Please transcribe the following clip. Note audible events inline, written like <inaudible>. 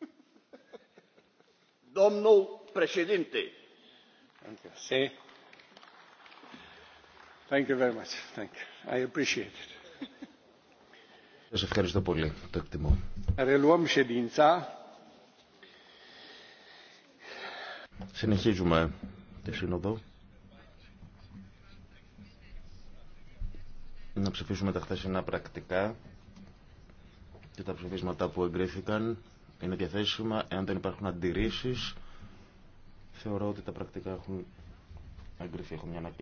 <laughs> Domnul președinte. Thank Σας ευχαριστώ πολύ. Το εκτιμώ. Συνεχίζουμε τη σύνοδο. Να ψηφίσουμε τα χθεσινά πρακτικά και τα ψηφίσματα που εγκρίθηκαν είναι διαθέσιμα. Εάν δεν υπάρχουν αντιρρήσει, θεωρώ ότι τα πρακτικά έχουν εγκριθεί. Έχω μια